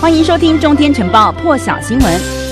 歡迎收聽《中天晨報》破曉新聞。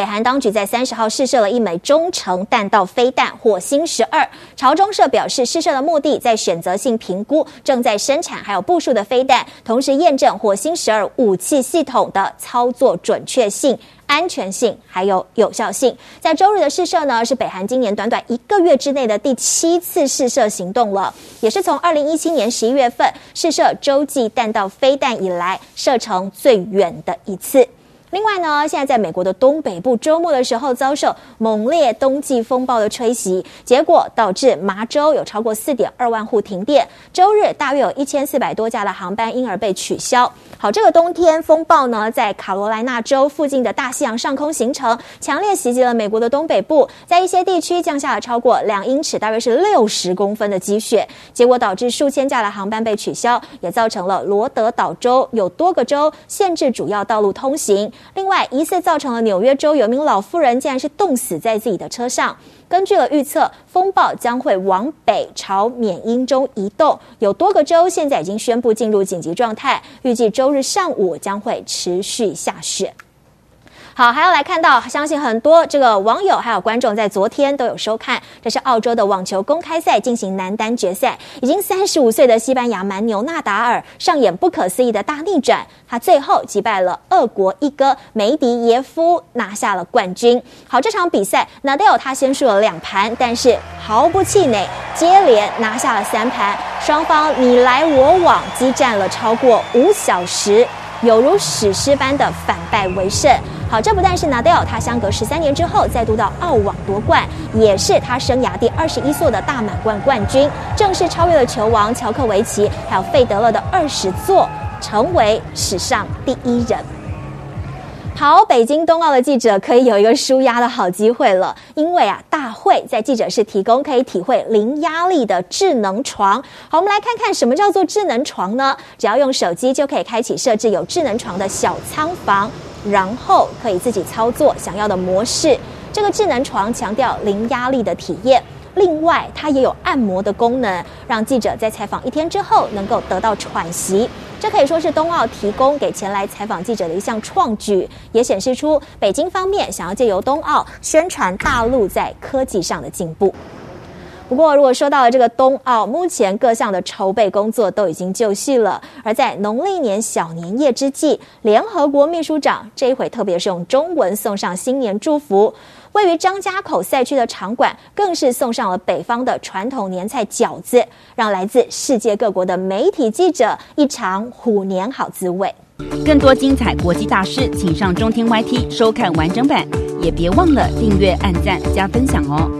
北韓當局在三十號試射了一枚中程彈道飛彈“火星十二”。朝中社表示，試射的目的在選擇性評估正在生產還有部署的飛彈，同時驗證“火星十二”武器系統的操作準確性、安全性還有有效性。在周日的試射呢，是北韓今年短短一個月之內的第七次試射行動了，也是從二零一七年十一月份試射洲際彈道飛彈以來射程最遠的一次。另外呢，現在在美國的東北部周末的時候遭受猛烈冬季風暴的吹襲，結果導致麻州有超過四點二萬戶停電。周日大約有一千四百多架的航班因而被取消。好，這個冬天風暴呢，在卡羅萊納州附近的大西洋上空形成，強烈襲擊了美國的東北部，在一些地區降下了超過兩英尺，大約是六十公分的積雪，結果導致數千架的航班被取消，也造成了羅德島州有多個州限制主要道路通行。另外，疑似造成了紐約州有名老婦人竟然是凍死在自己的車上。根據了預測，風暴將會往北朝緬因州移動，有多個州現在已經宣布進入緊急狀態。預計周日上午將會持續下雪。好，還要來看到，相信很多這個網友還有觀眾在昨天都有收看，這是澳洲的網球公開賽進行男單決賽，已經三十五歲的西班牙“蠻牛”納達爾上演不可思議的大逆轉，他最後擊敗了俄國一哥梅迪耶夫，拿下了冠軍。好，這場比賽，納豆他先輸了兩盤，但是毫不氣餒，接連拿下了三盤，雙方你來我往，激戰了超過五小時，猶如史詩般的反敗為勝。好，這不但是納達 l 他相隔十三年之後再度到澳網奪冠，也是他生涯第二十一座的大滿貫冠，冠軍，正式超越了球王喬克維奇還有費德勒的二十座，成為史上第一人。好，北京冬奧的記者可以有一個舒壓的好機會了，因為啊，大會在記者室提供可以體會零壓力的智能床。好，我們來看看什麼叫做智能床呢？只要用手機就可以開啟設置有智能床的小倉房。然後可以自己操作想要的模式。這個智能床強調零壓力的體驗，另外它也有按摩的功能，讓記者在採訪一天之後能夠得到喘息。這可以說是冬奧提供給前來採訪記者的一項創舉，也顯示出北京方面想要借由冬奧宣傳大陸在科技上的進步。不過，如果說到了這個冬奧，目前各項的籌備工作都已經就緒了。而在農曆年小年夜之際，聯合國秘書長這一回特別是用中文送上新年祝福。位於張家口賽區的場館更是送上了北方的傳統年菜餃子，讓來自世界各國的媒體記者一嘗虎年好滋味。更多精彩國際大事，請上中天 YT 收看完整版，也別忘了訂閱、按贊、加分享哦。